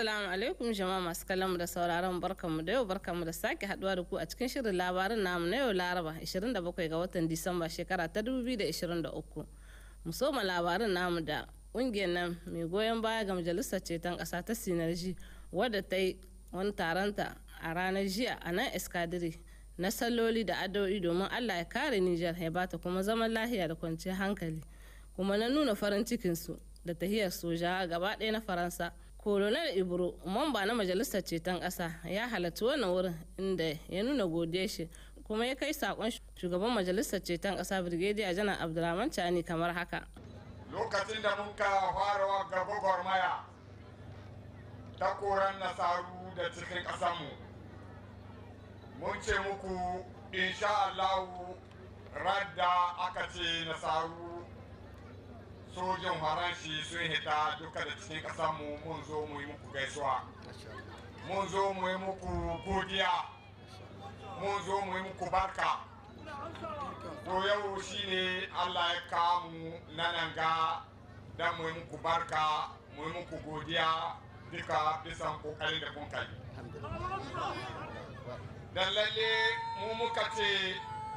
Assalamu alaikum jama'a masu kallon da sauraron barkanmu da yau barkanmu da sake haduwa da ku a cikin shirin labarin namu na yau Laraba 27 ga watan Disamba shekara ta 2023. Mu soma labarin namu da ƙungiyar nan mai goyon baya ga majalisar ceton ƙasa ta Sinarji wadda ta yi wani taronta a ranar jiya a nan Eskadiri na saloli da addu'o'i domin Allah ya kare Nijar ya bata kuma zaman lahiya da kwanciyar hankali kuma na nuna farin cikinsu da tahiyar soja gaba ɗaya na Faransa. kolonel ibro mamba na majalisar ceton ƙasa ya halarci wannan wurin inda ya nuna godiya shi kuma ya kai sakon shugaban majalisar ceton ƙasa brigadier janar abdulrahman chani kamar haka lokacin da mun ka farawa ga gwagwarmaya ta koran nasaru da cikin ƙasanmu mun ce muku insha allahu radda aka ce nasaru sojin faranshi sun hita duka da cikin kasar mun zo mu yi muku gaisuwa mun zo mu yi godiya mun zo mu muku barka to yau shine allah ya kamu nan ga don mu yi muku barka mu yi muku godiya duka bisan kokari da kun kai dan lalle mu muka ce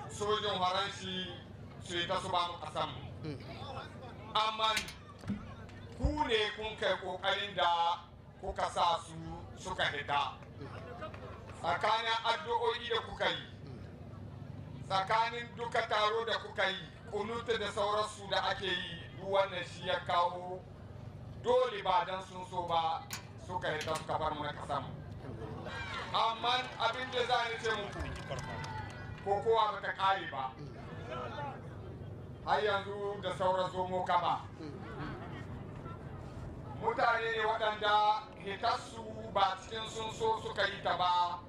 sojin faranshi su yi ta su ba mu amma ku ne kun kai kokarin da kuka sa su suka hita tsakanin addu'o'i da kuka yi tsakanin duka taro da kuka yi kunuta da sauransu da ake yi wannan shi ya kawo dole ba dan sun so ba suka hita suka bar mana kasan amma abin da za ni ce muku ko kowa ba ta kare ba har yanzu da sauran zomo kama mutane ne waɗanda hitarsu ba cikin sun so suka yi ta ba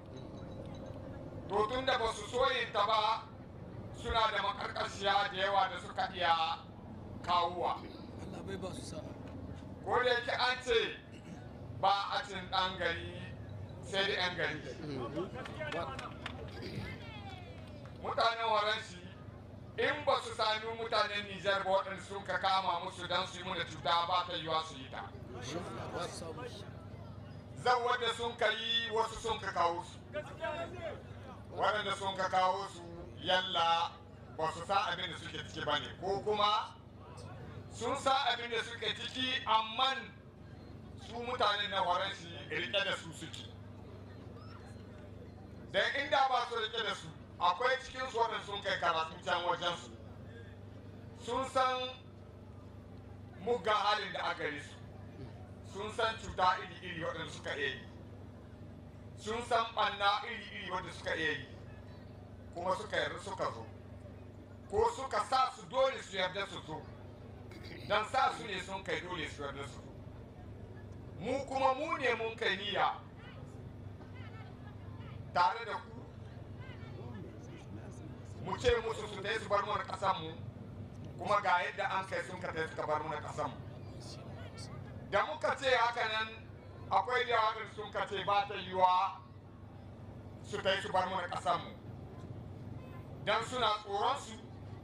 to tun da ba su so yi ta ba suna da makarƙashiya da yawa da suka iya kawuwa ko da yake an ce ba a cin ɗan gari sai da 'yan gari mm-hmm. mutanen waranshi in ba su sami mutanen Nijar waɗanda sun ka kama musu don su yi muna cuta ba ta yi su yi ta. Zan wadda sun ka yi wasu sun ka kawo su. Waɗanda sun ka kawo su yalla ba su sa abin da suke ciki ba ne ko kuma sun sa abin da suke ciki amma su mutanen na waransu shi rike da su suke. Dan inda ba su rike da su akwai cikin su waɗanda sun kai karatu can wajen su sun san muggan halin da aka yi su sun san cuta iri-iri wadanda suka iya yi sun san ɓanna iri-iri waɗanda suka iya yi kuma suka yi suka zo ko suka sa su dole su yarda su zo don sa su ne sun kai dole su yarda su zo mu kuma mu ne mun kai niyya tare da ku mu ce musu su tafi su bar mana kasan mu kuma ga yadda an kai sun katai suka bar mana kasan mu da muka ce haka nan akwai da waɗanda sun kace ba ta yiwa su tai su bar mana kasan mu dan suna tsoron su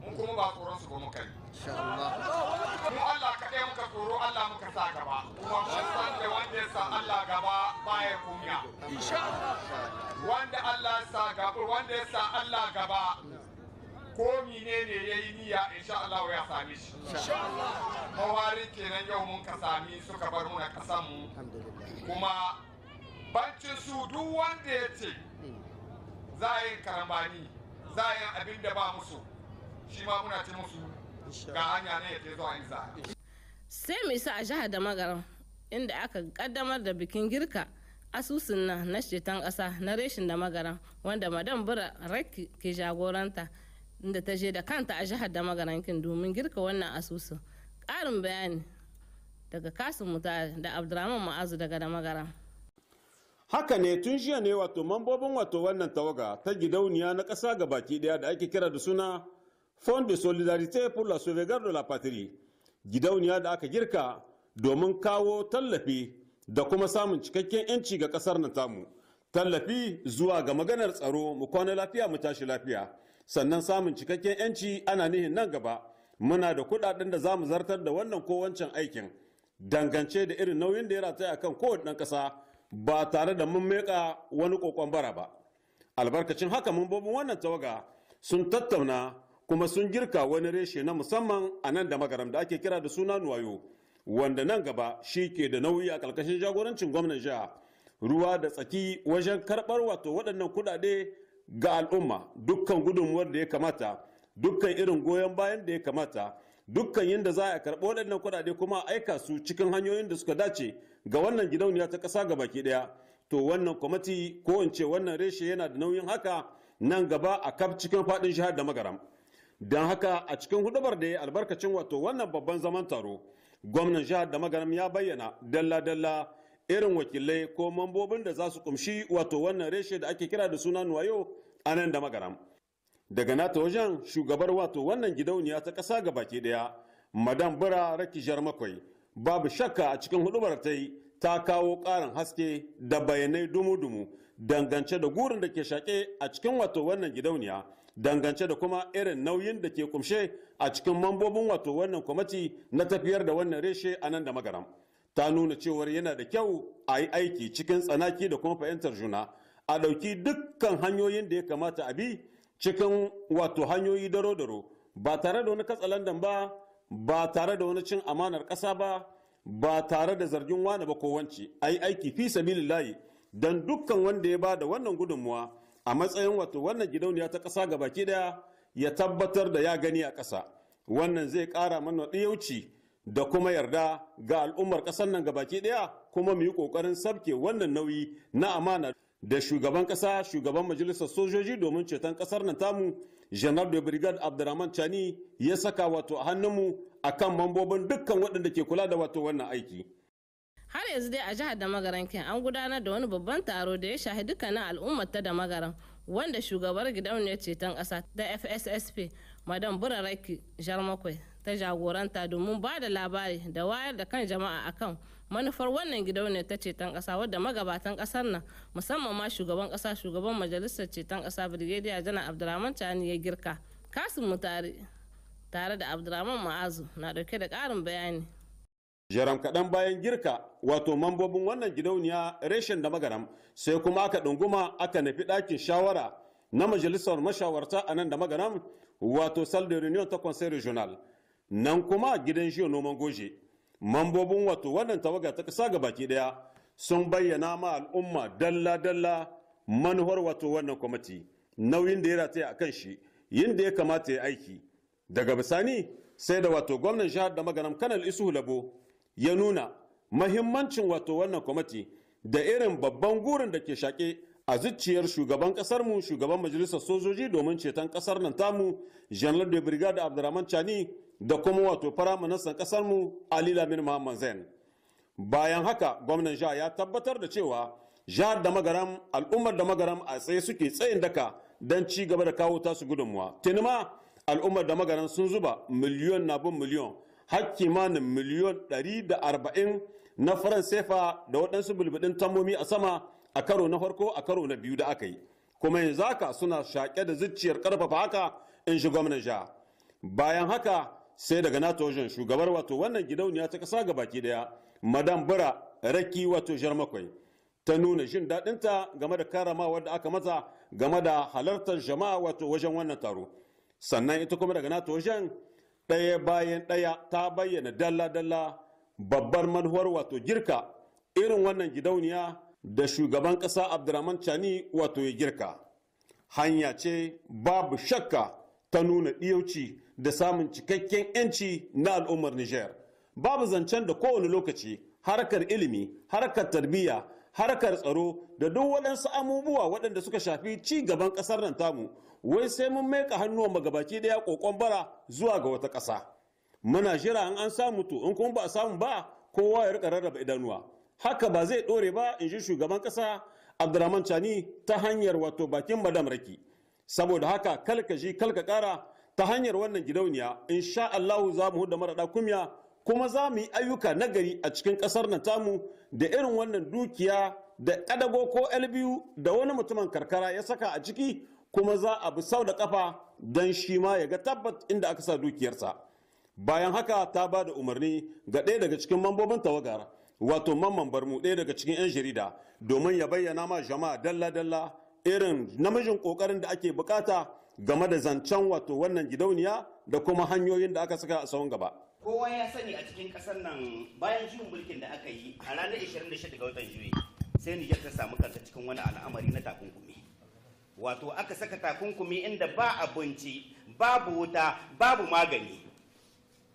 mu kuma ba tsoron su ba mu kai mu Allah ka dai muka tsoro Allah muka sa gaba kuma mun san da wanda ya sa Allah gaba baya kunya wanda Allah sa gaba wanda ya sa Allah gaba ko mine ne ya yi niyya insha Allah ya same shi mawari kenan yau mun ka sami suka bar na kasan mu kuma bancin su duk wanda ya ce hmm. za a yi karambani za a yi abin da ba musu shi ma muna ce musu ga hanya ne ya ce zuwa yin sai mai sa a jihar da magaran inda aka kaddamar da bikin girka asusun na na shetan ƙasa na reshin da magaran wanda madam bura rakki ke jagoranta da ta je da kanta a jihar da magarankin domin girka wannan asusun ƙarin bayani daga kasu muta da abdurrahman ma'azu daga da magara haka ne tun jiya ne wato mambobin wato wannan tawaga ta gidauniya na ƙasa ga baki ɗaya da ake kira da suna fond de solidarite pour la sauvegarde de la patrie gidauniya da aka girka domin kawo tallafi da kuma samun cikakken 'yanci ga ƙasar na tamu tallafi zuwa ga maganar tsaro mu kwana lafiya mu tashi lafiya sannan samun cikakken 'yanci ana nihin nan gaba muna da kudaden da za mu zartar da wannan ko wancan aikin dangance da irin nauyin da ya rataya kan kowane ɗan ƙasa ba tare da mun meka wani ƙoƙon bara ba albarkacin haka mambobin wannan tawaga sun tattauna kuma sun girka wani reshe na musamman a nan da magaram da ake kira da suna nuwayo wanda nan gaba shi ke da nauyi a ƙarƙashin jagorancin gwamnan jiha ruwa da tsaki wajen karɓar wato waɗannan kuɗaɗe ga al'umma dukkan gudunmuwar da ya kamata dukkan irin goyon bayan da ya kamata dukkan yadda za a karɓi waɗannan kuɗaɗe kuma a aika su cikin hanyoyin da suka dace ga wannan gidauniya ta ƙasa ga baki ɗaya to wannan kwamiti ko in ce wannan reshe yana da nauyin haka nan gaba a kaf cikin faɗin shahar da magaram don haka a cikin hudubar da ya albarkacin wato wannan babban zaman taro gwamnan jihar da magaram ya bayyana dalla-dalla irin wakilai ko mambobin da za su kumshi wato wannan reshe da ake kira da suna nuwayo a nan da magaram daga nata wajen shugabar wato wannan gidauniya ta ƙasa ga baki ɗaya madam bura rakijar makwai babu shakka a cikin hudubar ta yi ta kawo ƙarin haske da bayanai dumu-dumu dangance da gurin da ke shaƙe a cikin wato wannan gidauniya dangance da kuma irin nauyin da ke kumshe a cikin mambobin wato wannan kwamati na tafiyar da wannan reshe a nan da magaram. ta nuna cewar yana da kyau a yi aiki cikin tsanaki da kuma fahimtar juna a ɗauki dukkan hanyoyin da ya kamata a bi cikin wato hanyoyi daro-daro ba tare da wani katsalandan ba ba tare da wani cin amanar ƙasa ba ba tare da zargin wani ba kowanci a yi aiki fi sabilillahi don dukkan wanda ya ba da wannan gudunmuwa a matsayin wato wannan gidauniya ta ƙasa gaba baki daya ya tabbatar da ya gani a ƙasa wannan zai ƙara mana ɗiyauci da kuma yarda ga al'ummar ƙasar nan gabaki ɗaya kuma mu yi ƙoƙarin sabke wannan nauyi na amana da shugaban ƙasa shugaban majalisar sojoji domin ceton kasar nan tamu janar da brigad abdurrahman chani ya saka wato a hannunmu akan mambobin dukkan waɗanda ke kula da wato wannan aiki har yanzu dai a jihar da magaran an gudanar da wani babban taro da ya shahi dukkanin al'ummar ta da magaran wanda shugabar gidan gidauniyar ceton kasa ta fssp madam buraraki jarmakwai ta jagoranta domin ba da labari da wayar da kan jama'a akan manufar wannan gidauniyar ta ceton kasa wadda magabatan kasar nan musamman ma shugaban kasa shugaban majalisar ceton kasa brigadier jana abdulrahman chani ya girka kasim mutare tare da abdulrahman ma'azu na dauke da karin bayani jaram kaɗan bayan girka wato mambobin wannan gidauniya reshen da magaram sai kuma aka ɗunguma aka nufi ɗakin shawara na majalisar mashawarta a nan da magaram wato salle reunion ta conseil regional nan kuma gidan shiyo noman goshe mambobin wato wannan tawaga ta kasa ga baki daya sun bayyana ma al'umma dalla-dalla manuwar wato wannan kwamiti nauyin da ya rataya a kan shi yin ya kamata ya aiki daga bisani sai da wato gwamnan jihar da maganar kanal isu labo ya nuna mahimmancin wato wannan kwamiti da irin babban gurin da ke shaƙe a zuciyar shugaban mu shugaban majalisar sojoji domin ceton kasar nan tamu general de brigade abdurrahman chani da kuma wato firaministan ƙasarmu ali lamin muhammad zain bayan haka gwamnan jihar ya tabbatar da cewa jihar da magaram al'ummar da magaram a tsaye suke tsayin daka don ci gaba da kawo tasu gudunmuwa tuni ma al'ummar da magaram sun zuba miliyon na bin miliyon har kimanin miliyon 140 na faran sefa da waɗansu bulbuɗin tamomi a sama a karo na farko a karo na biyu da aka yi kuma yanzu haka suna shaƙe da zuciyar ƙarfafa haka in shi gwamnan jiha bayan haka sai daga nato wajen shugabar wato wannan gidauniya ta kasa ga baki daya madam bara raki wato jarmakwai ta nuna jin daɗinta game da karamawa da aka mata game da halartar jama'a wato wajen wannan taro sannan ita kuma daga nato wajen ɗaya bayan ɗaya ta bayyana dalla-dalla babbar manuwar wato girka irin wannan gidauniya da shugaban ƙasa abdurrahman chani wato ya girka hanya ce babu shakka ta nuna ɗiyauci da samun cikakken 'yanci na al'ummar Nijar. Babu zancen da kowane lokaci harkar ilimi, harkar tarbiyya, harkar tsaro da duk waɗansu amubuwa waɗanda suka shafi ci gaban ƙasar nan tamu, wai sai mun maika hannu hannuwan magabaki ɗaya ƙoƙon bara zuwa ga wata ƙasa. Muna jira in an samu to in kuma ba a samu ba kowa ya rika rarraba idanuwa. Haka ba zai ɗore ba in ji shugaban ƙasa Abdurrahman Chani ta hanyar wato bakin Madam Raki. saboda haka kalka ji kalka kara ta hanyar wannan gidauniya insha Allahu za mu huda marada kumya kuma za mu yi ayyuka nagari a cikin kasar nan tamu da irin wannan dukiya da kadago ko albiyu da wani mutumin karkara ya saka a ciki kuma za a bi sau da kafa don shi ma ya ga tabbat inda aka sa dukiyarsa bayan haka ta ba da umarni ga ɗaya daga cikin mambobin tawagar wato mamman barmu ɗaya daga cikin 'yan jarida domin ya bayyana ma jama'a dalla-dalla irin namijin kokarin da ake bukata game da zancen wato wannan gidauniya da kuma hanyoyin da aka saka a tsawon gaba. Kowa ya sani a cikin kasar nan bayan juyin mulkin da aka yi a ranar 26 ga watan Juyi sai Nijar ta samu kanta cikin wani al'amari na takunkumi. Wato aka saka takunkumi inda ba abinci, babu wuta, babu magani.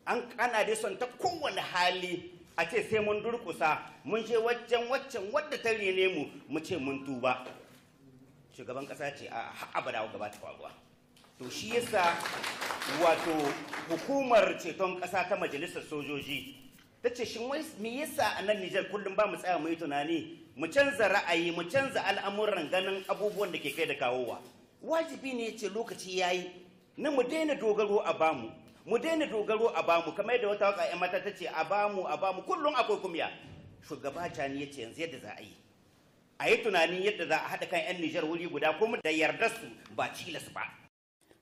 An kana dai son ta kowane hali a ce sai mun durkusa mun je waccan waccan wadda ta rene mu mu ce mun tuba. shugaban kasa ce a abada gaba ta to shi yasa wato hukumar ceton kasa ta majalisar sojoji ta ce shi wai me yasa a nan Nijar kullum ba mu tsaya mu yi tunani mu canza ra'ayi mu canza al'amuran ganin abubuwan da ke kai da kawowa wajibi ne ce lokaci yayi na mu daina dogaro a bamu mu daina dogaro a bamu kamar yadda wata waka 'yan mata ta ce a bamu a bamu kullum akwai kumya shugaba ta ne ya ce yanzu yadda za a yi a yi tunanin yadda za a haɗa kan 'yan Nijar wuri guda kuma da yarda su ba cilas ba.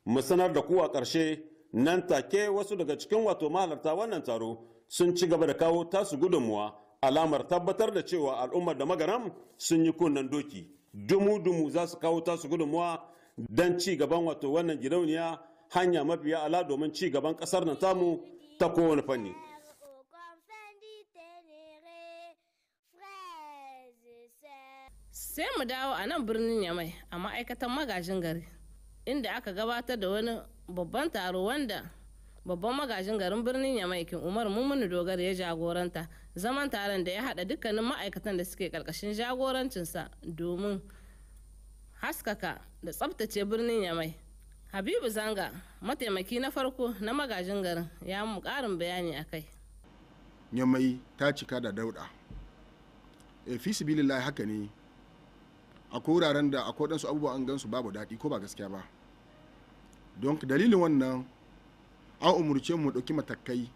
Mu sanar da ku a ƙarshe nan take wasu daga cikin wato mahalarta wannan taro sun ci gaba da kawo tasu gudunmuwa alamar tabbatar da cewa al'ummar da magaram sun yi kunnen doki dumu-dumu za su kawo tasu gudunmuwa don ci gaban wato wannan gidauniya hanya mafiya ala domin ci gaban ƙasar nan tamu ta kowane fanni. sai mu dawo a nan birnin yamai a ma'aikatan magajin gari inda aka gabatar da wani babban taro wanda babban magajin garin birnin yamai kin umar mummuni dogara ya jagoranta zaman taron da ya hada dukkanin ma'aikatan da suke karkashin jagorancinsa domin haskaka da tsabtace birnin yamai habibu zanga mataimaki na farko na magajin garin ya mu karin bayani a kai yamai ta cika da dauda eh, fi haka ne a wuraren da akwai waɗansu abubuwa an gansu babu daɗi ko ba gaskiya ba don dalilin wannan an umurce mu ɗauki matakai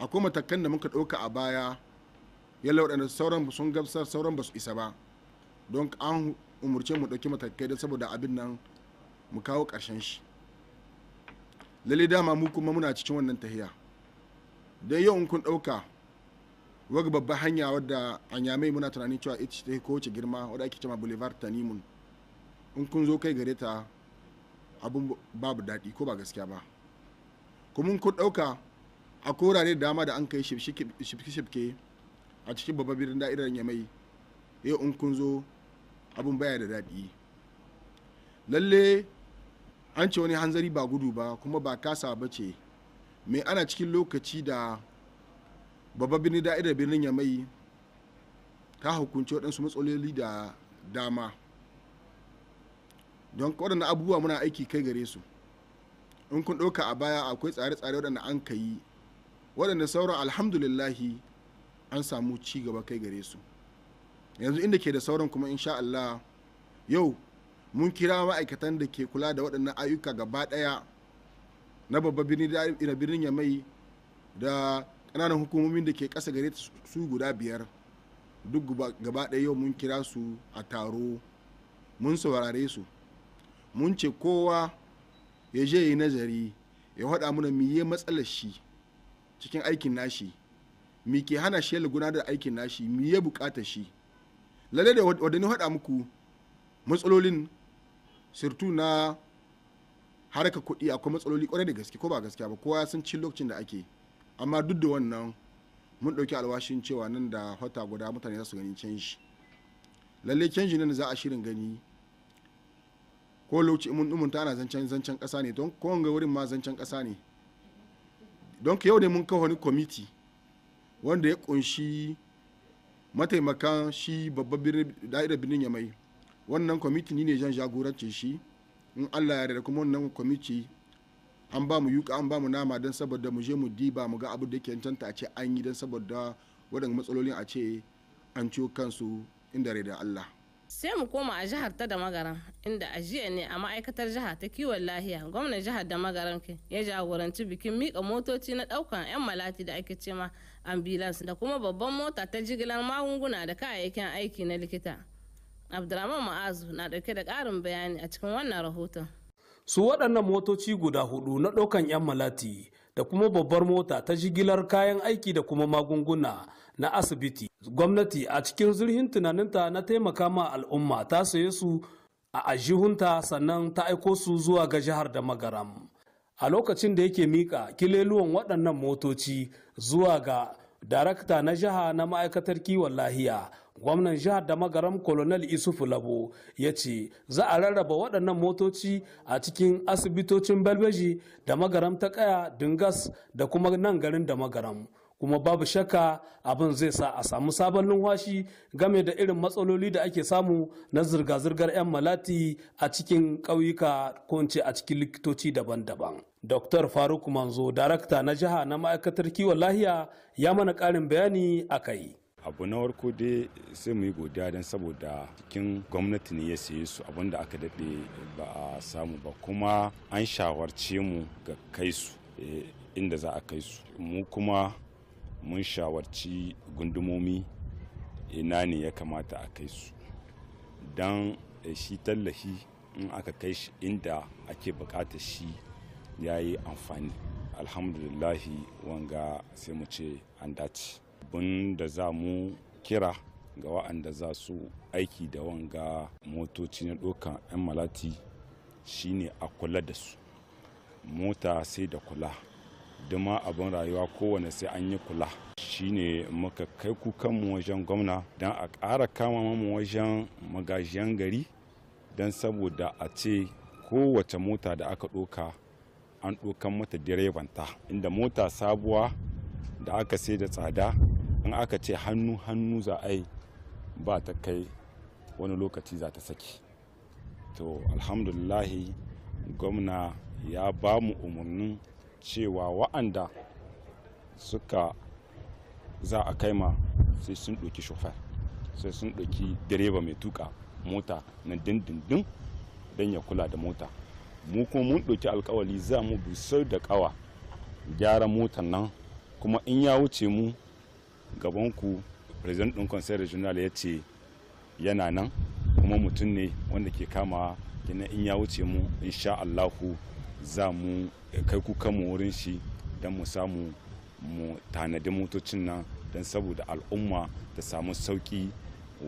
akwai matakan da muka ɗauka a baya yalla waɗanda sauran sun gamsar sauran ba su isa ba don an umurce mu ɗauki matakai don saboda abin nan mu kawo ƙarshen shi lalle dama mu kuma muna cikin wannan tahiya don yau in kun ɗauka wani babban hanya wadda a nyamai muna tunanin cewa ita ta ko wace girma wadda ake cewa boulevard tanimun in kun zo kai gare ta abun babu daɗi ko ba gaskiya ba kuma kun ɗauka a korare dama da an kai shifke-shifke a cikin babban birnin da'irar nyamai yau in kun zo abun baya da daɗi lalle an ce wani hanzari ba gudu ba kuma ba kasa ba ce mai ana cikin lokaci da birni birnin da'irar birnin yamai ta hukunci waɗansu matsaloli da dama don waɗannan abubuwa muna aiki kai gare su in kun ɗauka a baya akwai tsare-tsare waɗanda an ka yi waɗanda sauran alhamdulillahi an samu ci gaba kai gare su yanzu inda ke da sauran kuma insha Allah yau mun kira ma'aikatan da ke kula da waɗannan ayyuka gaba ɗaya na babban birnin yamai da kananan hukumomin da ke ƙasa gare su guda biyar duk gaba ɗaya yau mun kira su a taro mun saurare su mun ce kowa ya je yi nazari ya haɗa muna miye matsalar shi cikin aikin nashi mi ke hana shi ya gudanar da aikin nashi mi ya bukata shi lalle da wadani haɗa muku matsalolin sirtu na harkar kuɗi akwai matsaloli kwarai da gaske ko ba gaske ba kowa sun ci lokacin da ake amma duk da wannan mun ɗauki alwashin cewa nan da wata guda mutane za su gani canji lalle canji nan za a shirin gani ko lauci mun dumunta ana zancen zancen ƙasa ne don ga wurin ma zancen ƙasa ne don yau ne mun kawo wani kwamiti wanda ya kunshi mataimakan shi babban da'irar birnin mai wannan kwamiti ne jan jagorancin shi in allah ya da kuma wannan kwamiti an ba mu yuka an ba mu nama don saboda mu je mu diba mu ga abu da ke cancanta a ce an yi don saboda waɗanda matsalolin a ce an ciwo kansu inda rai da Allah. sai mu koma a jihar ta da magaran inda a jiya ne a ma'aikatar jihar ta kiwon lahiya gwamnan jihar da magaran ya jagoranci bikin mika motoci na daukan 'yan malati da ake cema ambulance da kuma babban mota ta jigilar magunguna da kayayyakin aiki na likita abdulrahman ma'azu na dauke da karin bayani a cikin wannan rahoton su waɗannan motoci guda hudu na ɗaukan 'yan malati da kuma babbar mota ta jigilar kayan aiki da kuma magunguna na asibiti gwamnati a cikin zurhin tunaninta na taimaka ma al'umma ta saye su a ajihunta sannan ta aiko su zuwa ga jihar da magaram a lokacin da yake mika kileluwan waɗannan motoci zuwa ga darakta na jiha na ma'aikatar kiwon lahiya gwamnan jihar da magaram colonel isufu labo ya ce za a rarraba waɗannan motoci a cikin asibitocin belbeji da magaram ta kaya dingas da kuma nan garin da magaram kuma babu shakka abin zai sa a samu sabon numfashi game da irin matsaloli da ake samu na zirga-zirgar 'yan malati a cikin ƙauyuka ko a cikin likitoci daban-daban. Dr. Faruk Manzo, darakta na jiha na ma'aikatar kiwon lahiya ya mana ƙarin bayani a kai. abu na warko dai sai mu yi godiya don saboda cikin gwamnati ne ya sayi su abinda aka daɗe ba a samu ba kuma an shawarce mu ga kai su eh, inda za a kai su mu kuma mun shawarci gundumomi ina ne ya kamata a kai su don eh, shi tallafi in aka kai shi inda ake bukatar shi ya yi amfani alhamdulillahi wanga sai mu ce an dace abin da za mu kira ga wa'anda za su aiki da wanga motoci na ɗaukan 'yan malati shine a kula da su mota sai da kula dama abin rayuwa kowane sai an yi kula shine muka kai kukanmu wajen gwamna don a ƙara kama mu wajen magajiyan gari don saboda a ce kowace mota da aka ɗoka an ɗokan mata direbanta inda mota sabuwa da aka sai da tsada in aka ce hannu hannu za a yi ba ta kai wani lokaci za ta saki to alhamdulillahi gwamna ya ba mu umarnin cewa wa'anda suka za a kai ma sai sun ɗauki shofar sai sun ɗauki direba mai tuka mota na dindindin don ya kula da mota mu kuma mun ɗauki alkawali za mu busar da ƙawa gyara motar nan kuma in ya wuce mu gabanku president din conseil regional ya ce yana nan kuma mutum ne wanda ke kama kenan in ya wuce mu insha allahu za mu kai ku kukanmu wurin shi don mu samu mu tanadi motocin nan don saboda al'umma ta samu sauki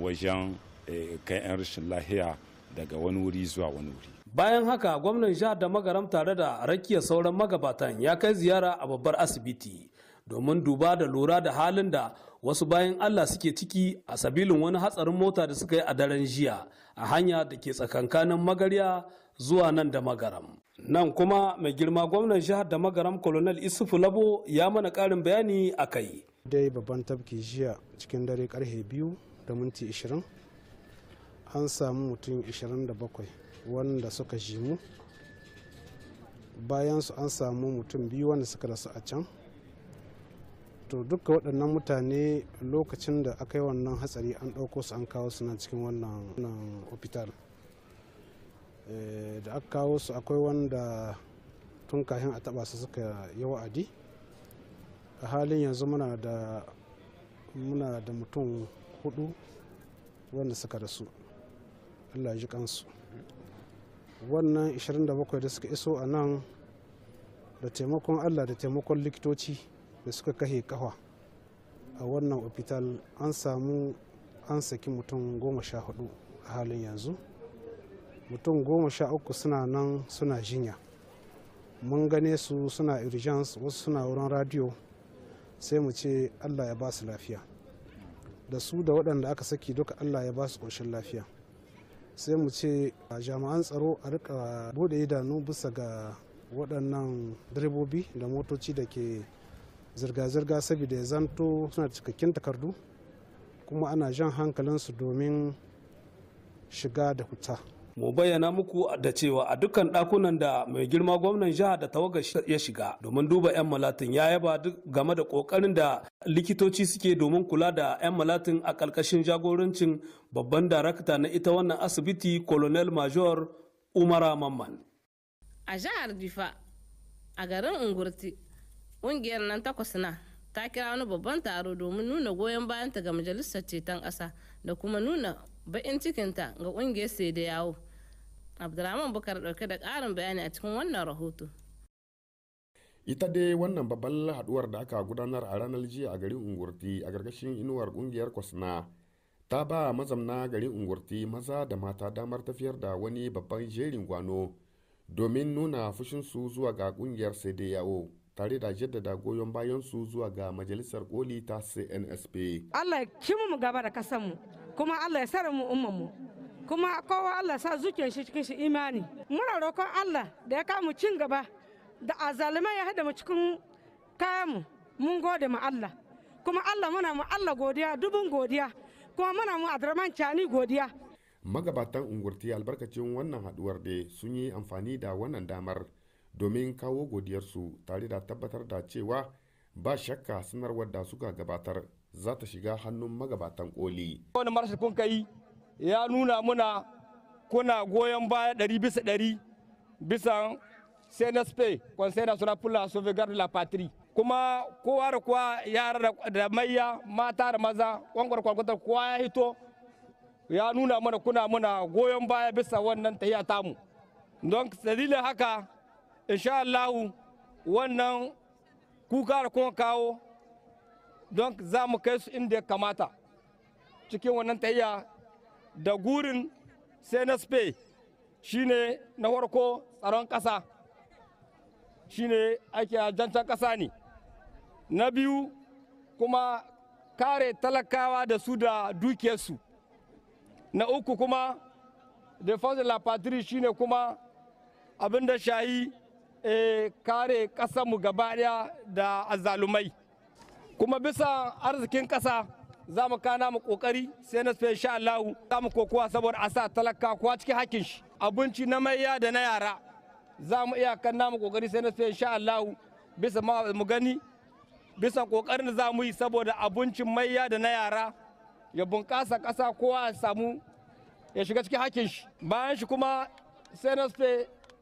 wajen eh, kai 'yan rashin lahiya daga wani wuri zuwa wani wuri bayan haka gwamnan jihar da magaram tare da rakiya sauran magabatan ya kai ziyara a babbar asibiti domin duba da lura da halin da wasu bayan Allah suke ciki a sabilin wani hatsarin mota da suka yi a daren jiya a hanya da ke tsakankanin magarya zuwa nan da magaram. Nan kuma mai girma gwamnan jihar da magaram Colonel Isufu Labo ya mana ƙarin bayani a kai. Dai babban tafki jiya cikin dare karfe biyu da minti ishirin an samu mutum ishirin wanda suka jimu bayan su an samu mutum biyu wanda suka rasu a can to duka waɗannan mutane lokacin da aka yi wannan hatsari an ɗauko su an kawo su na cikin wannan hospital eh, da aka kawo su akwai wanda tun kafin a taɓa su suka yi wa'adi a halin yanzu muna da muna da mutum hudu wanda suka rasu allah ji kansu wannan 27 da suka iso a nan da taimakon allah da taimakon likitoci da suka kahe kafa a wannan ofital an samu an saki mutum goma sha hudu a halin yanzu mutum goma sha uku suna nan suna jinya mun gane su suna urgence wasu suna wurin radio sai mu ce allah ya ba su lafiya da su da waɗanda aka saki duka allah ya ba su ƙoshin lafiya sai mu ce a jami'an tsaro a rika bude idanu bisa ga waɗannan direbobi da motoci da ke zirga-zirga saboda ya zanto suna cikakken takardu kuma ana jan hankalinsu domin shiga da kuta. mu bayyana muku da cewa a dukkan ɗakunan da mai girma gwamnan jiha da tawaga ya shiga domin duba 'yan malatin ya yaba game da ƙoƙarin da likitoci suke domin kula da 'yan malatin a ƙarƙashin jagorancin babban darakta na ita wannan asibiti colonel major umara mamman a jihar difa a garin ungurti ƙungiyar nan takwas na ta kira wani babban taro domin nuna goyon bayanta ga majalisar ceton ƙasa da kuma nuna baƙin cikinta ga ƙungiyar sai da yawo abdulrahman bukar ɗauke da ƙarin bayani a cikin wannan rahoto ita dai wannan babban haduwar da aka gudanar a ranar jiya a garin ungurti a gargashin inuwar kungiyar kwasna ta ba mazamna garin ungurti maza da mata damar tafiyar da wani babban jerin gwano domin nuna fushinsu zuwa ga ƙungiyar sai da yawo tare da jaddada goyon bayan su zuwa ga majalisar koli ta cnsp allah ya kimu mu gaba da kasanmu kuma allah ya sare mu ummanmu kuma kowa allah sa zuciyar shi cikin shi imani muna roƙon allah da ya kamu cin gaba da azalima ya haɗa mu cikin kayanmu mun gode ma allah kuma allah muna mu allah godiya dubun godiya kuma muna mu adraman cani godiya magabatan ungurti albarkacin wannan haduwar da sun yi amfani da wannan damar domin kawo godiyarsu tare da tabbatar da cewa ba shakka sanarwar da suka gabatar za ta shiga hannun magabatan koli. Wani marshal kun kai ya nuna muna kuna goyon baya ɗari bisa ɗari bisa CNSP, Conseil National pour la Sauvegarde de la Patrie. Kuma kowa da kowa yara da maiya mata da maza kwangwar kwangwatar kowa ya hito ya nuna mana kuna muna goyon baya bisa wannan tahiya tamu. Don dalilin haka insha Allahu wannan kuka da kuma kawo don za mu kai su inda ya kamata cikin wannan tayya da gurin shi shine na farko tsaron ƙasa shine ake jancan ƙasa ne na biyu kuma kare talakawa da su da dukiyarsu na uku kuma defense la patrie shine kuma abin da shahi Eh, kare ƙasarmu gaba ɗaya da azalumai kuma bisa arzikin ƙasa za mu kana mu ƙoƙari sai na sha Allahu za mu kokowa saboda a sa talaka kuwa cikin hakin shi abinci na maiya da na yara za mu iya kan namu ƙoƙari sai na sha Allahu bisa ma mu gani bisa ƙoƙarin da za mu yi saboda abincin maiya da na yara ya bunƙasa ƙasa kowa ya samu ya shiga cikin hakin shi bayan shi kuma sai na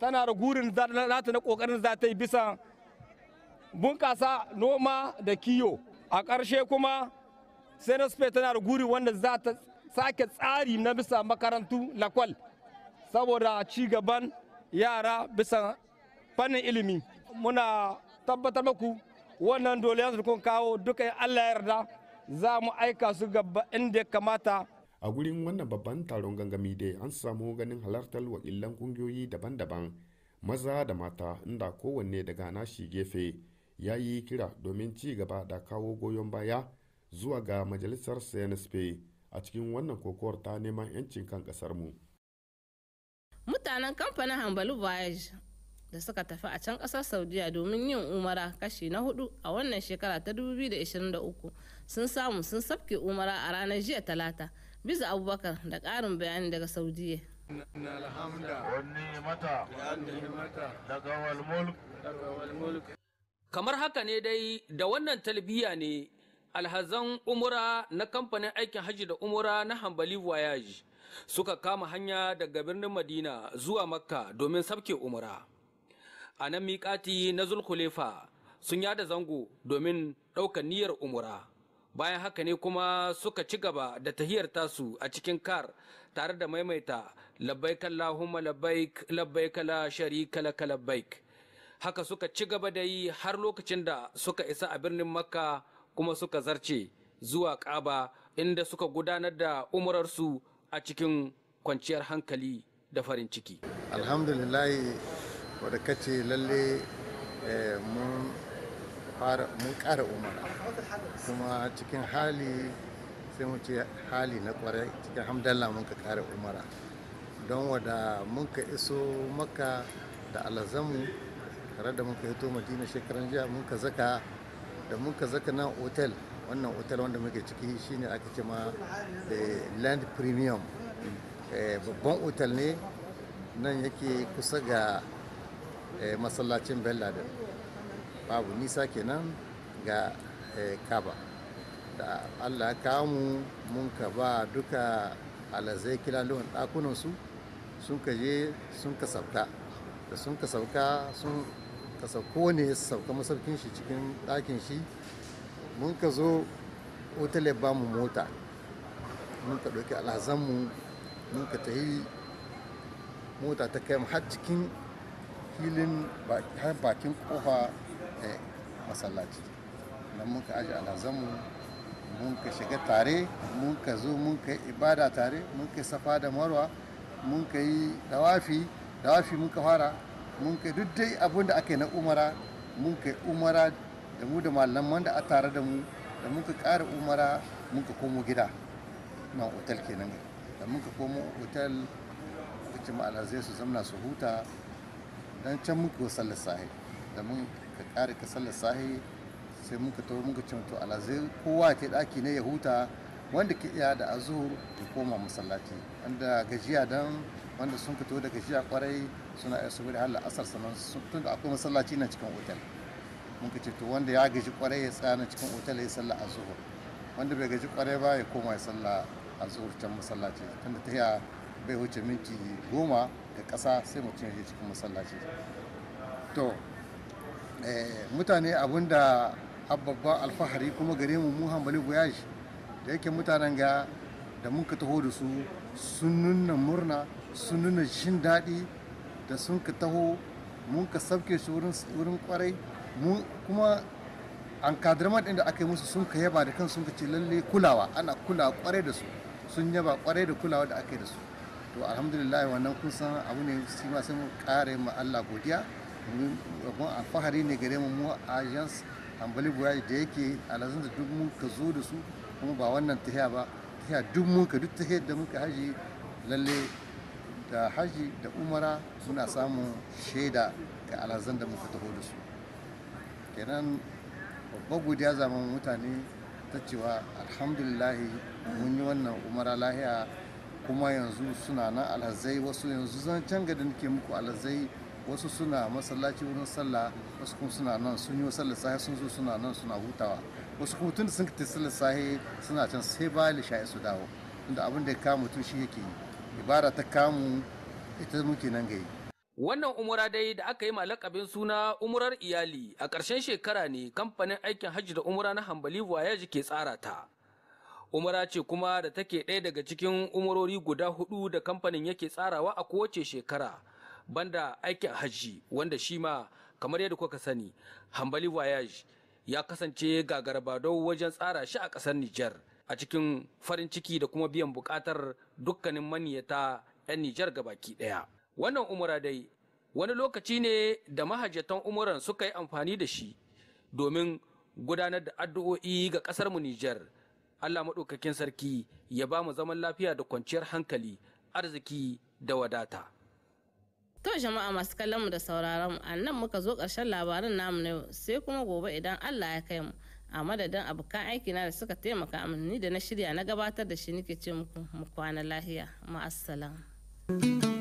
tana da gurin nata na kokarin za ta yi bisa bunƙasa noma da kiyo a ƙarshe kuma senate tana da guri wanda za ta sake tsari na bisa makarantu lakwal saboda ci gaban yara bisa fannin ilimi muna tabbatar maku wannan dole yanzu kun kawo duka Allah yarda za mu aika su gaba inda ya kamata a gurin wannan babban taron gangami dai an samu ganin halartar wakilan kungiyoyi daban-daban maza da mata inda kowanne daga nashi gefe ya yi kira domin ci gaba da kawo goyon baya zuwa ga majalisar cnsp a cikin wannan kokowar ta neman 'yancin kan kasarmu mutanen kamfanin hambalu voyage da suka tafi a can kasar saudiya domin yin umara kashi na hudu a wannan shekara ta 2023 sun samu sun sabke umara a ranar jiya talata Biza Abubakar da ƙarin bayani daga Saudiya. Kamar haka ne dai da wannan talbiya ne alhazan umura na kamfanin aikin hajji da umura na hambali voyage suka kama hanya daga birnin madina zuwa makka domin sabke umura a nan miƙati na zulkulefa sun yada zango domin ɗaukar niyyar umura bayan haka ne kuma suka ci gaba da tahiyar tasu a cikin kar tare da maimaita labbaik allahumma labbaik labbaik la sharika laka labbaik haka suka ci gaba da yi har lokacin da suka isa a birnin makka kuma suka zarce zuwa ƙaba inda suka gudanar da umurarsu a cikin kwanciyar hankali da farin ciki alhamdulillah wadda kace lalle eh, mun fara mun kara umara kuma cikin hali sai mu ce hali na kwarai cikin hamdala mun ka ƙara umara don wada mun ka iso maka da alazamu tare da mun ka hito madina shekaran jiya mun ka zaka da mun ka zaka na otel wannan otel wanda muke ciki shine aka ce ma eh, land premium eh, babban otel ne nan yake kusa ga eh, masallacin bella da babu nisa kenan ga eh, kaba da allah kamu mun ka ba duka alazai kilaluwan ɗakunansu sun ka je sun ka sauka da sun ka sauka sun ka sauko ne sauka masaukin shi cikin ɗakin shi mun ka zo otal ba mu mota mun ka ɗauki alazanmu mun ka yi mota ta kai har cikin filin bakin kofa ɗaya masallaci don muka aji alhazanmu mun ka shiga tare mun ka zo mun ka ibada tare mun ka safa da marwa mun ka yi dawafi dawafi mun ka fara mun ka duk dai abin da aka yi na umara mun ka umara da mu da malaman da a tare da mu da mun ka ƙara umara mun ka komo gida na otal kenan da mun ka komo otal kuma alazai zai su zamna su huta don can muku sallar sahi da mun Ka kare ka sallar sahi sai muka to muka ce to zai kowa ke daki ne ya huta wanda ke iya da azur ya koma masallaci wanda gajiya dan wanda sun fito da gajiya kwarai suna iya su da asar sannan tun da akwai masallaci na cikin otal muka ce to wanda ya gaji kwarai ya tsaya na cikin otal ya sallar azur wanda bai gaji kwarai ba ya koma ya sallar azur can masallaci tunda ta iya bai wuce minti goma ga ƙasa sai mutum ya je cikin masallaci to Eh, mutane abun da babban alfahari kuma gare mu mu hambali voyage da yake mutanen ga da muka taho da su sun nuna murna sun nuna jin daɗi da sun ka taho mun ka sabke su wurin kwarai kuma an kadirmat ɗin da aka yi musu sun ka yaba da kan sun ka ce lalle kulawa ana kulawa kwarai da su sun yaba kwarai da kulawa da aka yi da su to alhamdulillah wannan kun san abu ne sai sai mu kare ma Allah godiya fahari alfahari ne gare mu mu agents ambali buwaye da yake alazin da duk mun ka zo da su kuma ba wannan tahiya ba tahiya duk mun ka duk tahiyar da muka haji lalle da haji da umara suna samun shaida ga alazan da muka taho da su kenan babbar godiya zaman mutane ta cewa alhamdulillahi mun yi wannan umara lahiya kuma yanzu suna nan alhazai wasu yanzu zan can da nake muku alhazai wasu suna masallaci wurin sallah wasu kuma suna nan sun yi sallar sahi sun zo suna nan suna hutawa wasu kuma tun da sun ta sallar sahi suna can sai ba lisha'i su dawo tunda abin da ya kama mutum shi yake yi ibada ta kamu ita muke nan gai Wannan umura dai da aka yi malakabin suna umurar iyali a ƙarshen shekara ne kamfanin aikin hajji da umura na hambali voyage ke tsara ta. Umura ce kuma da take ɗaya daga cikin umurori guda hudu da kamfanin yake tsarawa a kowace shekara. banda aikin hajji wanda shi ma kamar yadda kuka sani hambali voyage ya kasance gagarabadau wajen tsara shi a ƙasar Nijar a cikin farin ciki da kuma biyan buƙatar dukkanin maniyata 'yan Nijar baki ɗaya. Wannan umura dai wani lokaci ne da mahajjatan umuran suka yi amfani da shi domin gudanar da addu'o'i ga ƙasar mu Nijar. Allah maɗaukakin sarki ya ba mu zaman lafiya da kwanciyar hankali, arziki da wadata. To jama'a masu kallon mu da sauraron mu a nan muka zo ƙarshen labarin namu na yau sai kuma gobe idan Allah ya kai mu a madadin abokan aiki na da suka taimaka min ni da na shirya na gabatar da shi nake ce muku mu kwana lahiya ma'assalam.